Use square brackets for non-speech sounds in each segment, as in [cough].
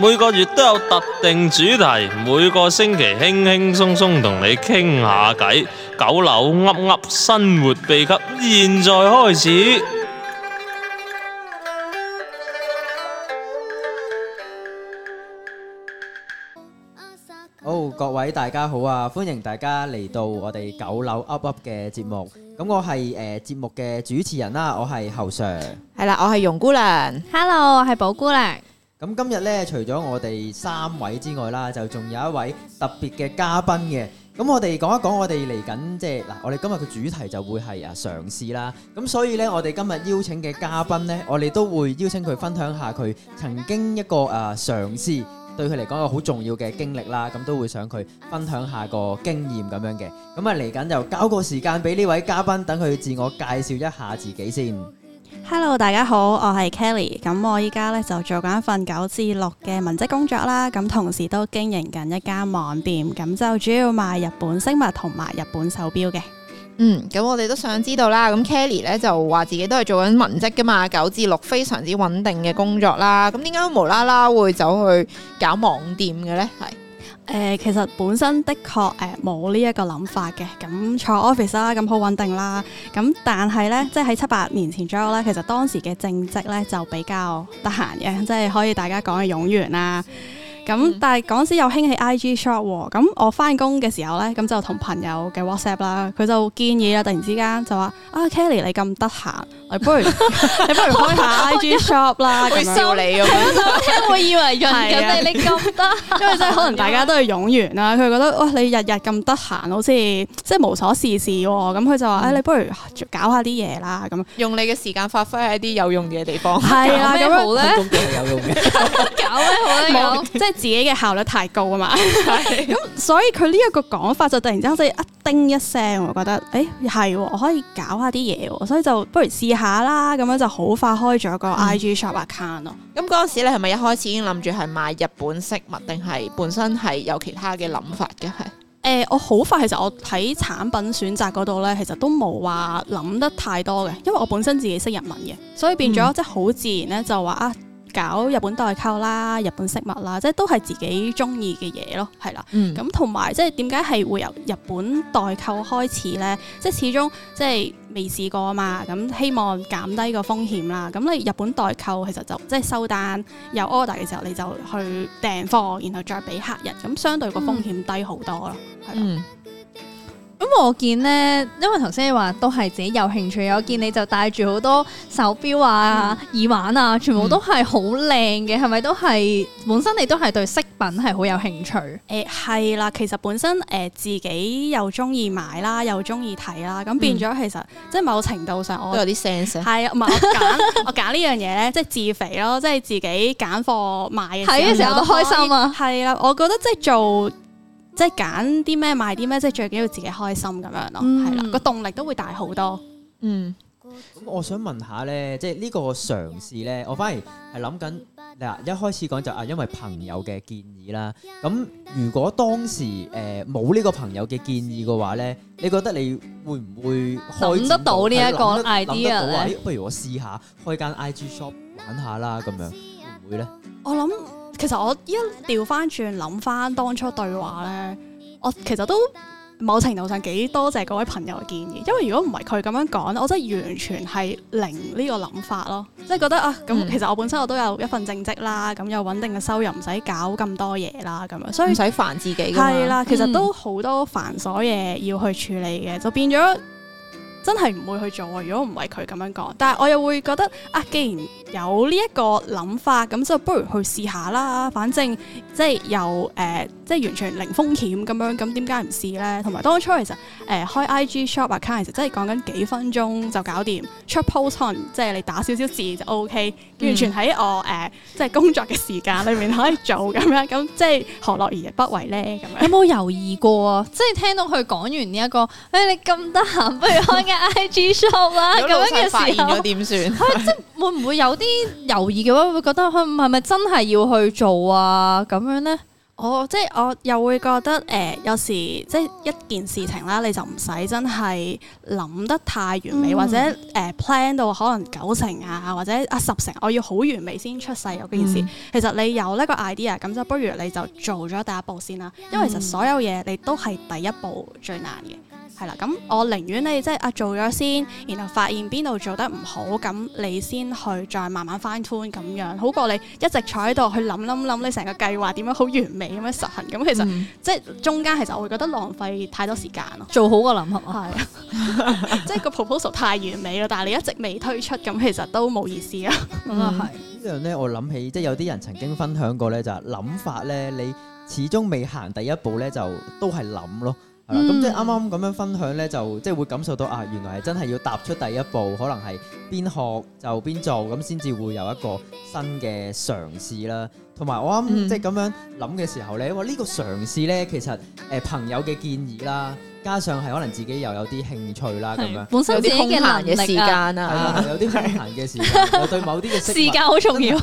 每個月都有特定主題，每個星期輕輕鬆鬆同你傾下偈。九樓噏噏生活秘笈，現在開始。好，各位大家好啊，歡迎大家嚟到我哋九樓噏噏嘅節目。咁我係誒節目嘅主持人啦，我係侯尚。係啦，我係容姑娘。Hello，我係寶姑娘。咁今日咧，除咗我哋三位之外啦，就仲有一位特別嘅嘉賓嘅。咁我哋講一講，我哋嚟緊即係嗱，我哋今日嘅主題就會係啊，嘗試啦。咁所以咧，我哋今日邀請嘅嘉賓咧，我哋都會邀請佢分享下佢曾經一個啊嘗試對佢嚟講一個好重要嘅經歷啦。咁都會想佢分享下個經驗咁樣嘅。咁啊，嚟緊就交個時間俾呢位嘉賓，等佢自我介紹一下自己先。Hello，大家好，我係 Kelly，咁我依家咧就做緊一份九至六嘅文職工作啦，咁同時都經營緊一間網店，咁就主要賣日本飾物同埋日本手表嘅。嗯，咁我哋都想知道啦，咁 Kelly 咧就話自己都係做緊文職噶嘛，九至六非常之穩定嘅工作啦，咁點解無啦啦會走去搞網店嘅咧？係。誒、呃、其實本身的確誒冇呢一個諗法嘅，咁坐 office 啦、啊，咁好穩定啦、啊。咁但係呢，即係喺七八年前左右呢，其實當時嘅正職呢就比較得閒嘅，即係可以大家講嘅冗員啦。咁但係嗰陣時又興起 IG shop 喎，咁我翻工嘅時候咧，咁就同朋友嘅 WhatsApp 啦，佢就建議啦，突然之間就話：啊 Kelly 你咁得閒，你不如你不如開下 IG shop 啦，介紹你咁樣。聽我以為人哋你咁得，因為真係可能大家都係湧完啦，佢覺得哇你日日咁得閒，好似即係無所事事喎，咁佢就話：你不如搞下啲嘢啦，咁用你嘅時間發揮喺啲有用嘅地方，係啊，咁好咧，翻工都係有用嘅，搞好即係。自己嘅效率太高啊嘛，咁 [laughs] 對、 [laughs] 嗯、所以佢呢一個講法就突然之間即係一叮一聲，我覺得，誒、欸、係我可以搞下啲嘢，所以就不如試下啦，咁樣就好快開咗個 IG shop account 咯。咁嗰陣時，你係咪一開始已經諗住係賣日本飾物，定係本身係有其他嘅諗法嘅？係誒、呃，我好快，其實我喺產品選擇嗰度咧，其實都冇話諗得太多嘅，因為我本身自己識日文嘅，所以變咗即係好自然咧，就話啊。搞日本代購啦，日本飾物啦，即係都係自己中意嘅嘢咯，係啦。咁同埋即係點解係會由日本代購開始呢？即係始終即係未試過啊嘛。咁希望減低個風險啦。咁你日本代購其實就即係收單有 order 嘅時候你就去訂貨，然後再俾客人，咁相對個風險低好多咯，係啦，嗯。的咁我見咧，因為頭先你話都係自己有興趣，我見你就戴住好多手錶啊、耳環啊，全部都係好靚嘅，係咪、嗯、都係本身你都係對飾品係好有興趣？誒、欸，係啦，其實本身誒、呃、自己又中意買啦，又中意睇啦，咁變咗其實即係某程度上我都有啲、啊、sense。係、唔係、我揀 [laughs] 我揀呢樣嘢咧，即、就、係、是、自肥咯，即、就、係、是、自己揀貨買，睇嘅時候都開心啊。係啦，我覺得即係做。即係揀啲咩賣啲咩，即係最緊要自己開心咁樣咯，係啦，個動力都會大好多。嗯，咁我想問下咧，即係呢個嘗試咧，我反而係諗緊嗱，一開始講就啊，因為朋友嘅建議啦。咁如果當時誒冇呢個朋友嘅建議嘅話咧，你覺得你會唔會諗得到呢一個 idea 咧？不如我試下開間 IG shop 玩下啦，咁樣會唔會咧？我諗。其實我一調翻轉諗翻當初對話咧，我其實都某程度上幾多謝各位朋友嘅建議，因為如果唔係佢咁樣講，我真係完全係零呢個諗法咯，即係覺得啊，咁其實我本身我都有一份正職啦，咁有穩定嘅收入，唔使搞咁多嘢啦，咁啊，所以唔使煩自己。係啦，其實都好多繁瑣嘢要去處理嘅，嗯、就變咗真係唔會去做。如果唔係佢咁樣講，但係我又會覺得啊，既然有呢一個諗法，咁就不如去試下啦。反正即係又誒，即係、呃、完全零風險咁樣，咁點解唔試呢？同埋當初其實誒、呃、開 IG shop account 其實真係講緊幾分鐘就搞掂，出 post on，即係你打少少字就 OK，完全喺我誒、呃、即係工作嘅時間裏面可以做咁、嗯、樣，咁即係何樂而不為呢？咁樣有冇猶豫過？即係聽到佢講完呢、這、一個誒、哎，你咁得閒，不如開間 IG shop 啊。 [laughs] 」咁樣嘅時候，點算、哎？即會唔會有？啲猶豫嘅話，會,會覺得佢係咪真係要去做啊？咁樣呢？我、oh, 即係我又會覺得，誒、呃、有時即係一件事情啦，你就唔使真係諗得太完美，嗯、或者誒 plan、呃、到可能九成啊，或者啊十成，我要好完美先出世。我嗰件事，嗯、其實你有呢個 idea，咁就不如你就做咗第一步先啦。因為其實所有嘢你都係第一步最難嘅。係啦，咁我寧願你即係啊做咗先，然後發現邊度做得唔好，咁你先去再慢慢翻 turn 咁樣，好過你一直坐喺度去諗諗諗你成個計劃點樣好完美咁樣實行。咁其實即係、嗯、中間，其實我會覺得浪費太多時間咯。做好個諗法啊，係即係個 proposal 太完美咯，但係你一直未推出，咁其實都冇意思啊。咁啊係呢樣咧，我諗起即係、就是、有啲人曾經分享過咧，就諗、是、法咧，你始終未行第一步咧，就都係諗咯。咁即係啱啱咁樣分享咧，就即係會感受到啊，原來係真係要踏出第一步，可能係邊學就邊做，咁先至會有一個新嘅嘗試啦。同埋我啱即係咁樣諗嘅時候咧，哇呢個嘗試咧，其實誒朋友嘅建議啦，加上係可能自己又有啲興趣啦，咁樣本身有啲空閒嘅時間啊，有啲空閒嘅時間，對某啲嘅時間好重要，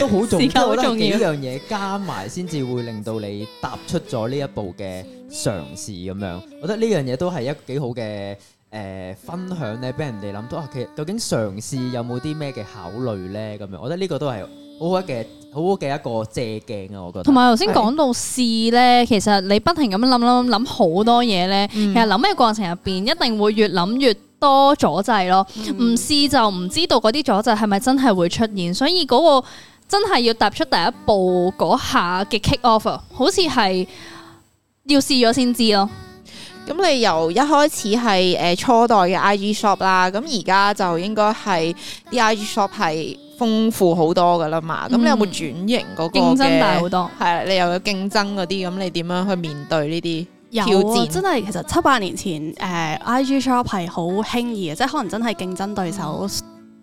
都好重要。我覺得呢樣嘢加埋先至會令到你踏出咗呢一步嘅嘗試咁樣。我覺得呢樣嘢都係一個幾好嘅誒分享咧，俾人哋諗到啊，其實究竟嘗試有冇啲咩嘅考慮咧？咁樣，我覺得呢個都係好好嘅。好嘅一個借鏡啊，我覺得。同埋頭先講到試呢，的其實你不停咁樣諗諗諗好多嘢呢。嗯、其實諗嘅過程入邊一定會越諗越多阻滯咯。唔、嗯、試就唔知道嗰啲阻滯係咪真係會出現，所以嗰個真係要踏出第一步嗰下嘅 kick off，好似係要試咗先知咯。咁你由一開始係誒初代嘅 IG shop 啦，咁而家就應該係啲 IG shop 係。豐富好多㗎喇嘛，咁你有冇轉型嗰個競爭大好多？係啊，你又有競爭嗰啲，咁你點樣去面對呢啲挑戰？有啊、真係其實七八年前，誒、呃、IG shop 係好輕易嘅，即係可能真係競爭對手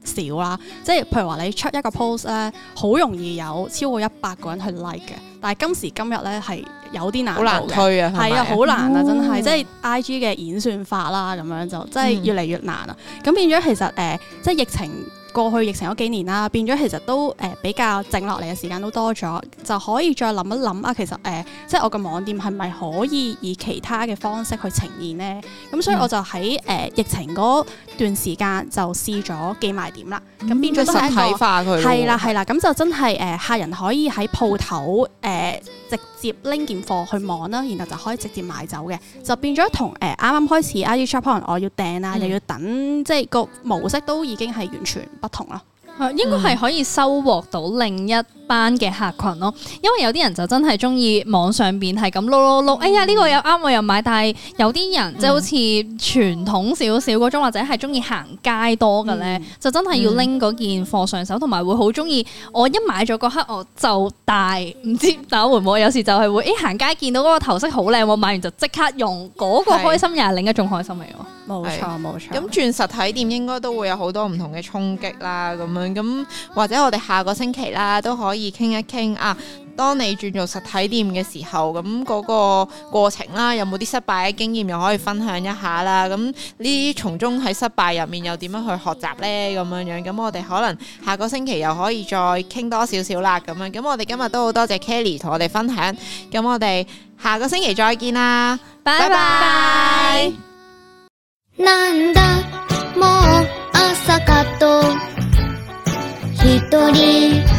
少啦。嗯、即係譬如話你出一個 post 咧，好容易有超過一百個人去 like 嘅。但係今時今日咧係有啲難，好難推啊，係啊，好難啊，真係、嗯、即係 IG 嘅演算法啦，咁樣就即係越嚟越難啊。咁、嗯、變咗其實誒、呃，即係疫情。過去疫情嗰幾年啦，變咗其實都誒比較靜落嚟嘅時間都多咗，就可以再諗一諗啊。其實誒、呃，即係我個網店係咪可以以其他嘅方式去呈現呢？咁所以我就喺誒、呃、疫情嗰段時間就試咗寄賣點、嗯那個、啦。咁變咗實體化佢，係啦係啦。咁就真係誒、呃，客人可以喺鋪頭誒、呃、直接拎件貨去網啦，然後就可以直接買走嘅，就變咗同誒啱啱開始 I, start, I start, You Shop On 可能我要訂啊，又要等，即係個模式都已經係完全。不同啦，啊，嗯，應該係可以收穫到另一班嘅客群咯，因為有啲人就真係中意網上邊係咁碌碌碌，嗯、哎呀呢、呢個又啱我又買，但係有啲人就好似傳統少少嗰種，或者係中意行街多嘅咧，嗯、就真係要拎嗰件貨上手，同埋、嗯、會好中意。我一買咗嗰刻，我就戴唔知會唔會，有時就係會誒行、欸、街見到嗰個頭飾好靚，我買完就即刻用嗰是個開心，又係另一種開心嚟喎。冇錯冇錯，咁是錯轉實體店應該都會有好多唔同嘅衝擊啦，咁樣咁，或者我哋下個星期啦都可以。而傾一傾啊！當你轉做實體店嘅時候，咁嗰個過程啦，有冇啲失敗嘅經驗又可以分享一下啦？咁呢啲從中喺失敗入面又點樣去學習呢？咁樣樣咁，我哋可能下個星期又可以再傾多少少啦。咁樣咁，我哋今日都好多謝 Kelly 同我哋分享。咁我哋下個星期再見啦！拜拜 bye。Bye bye。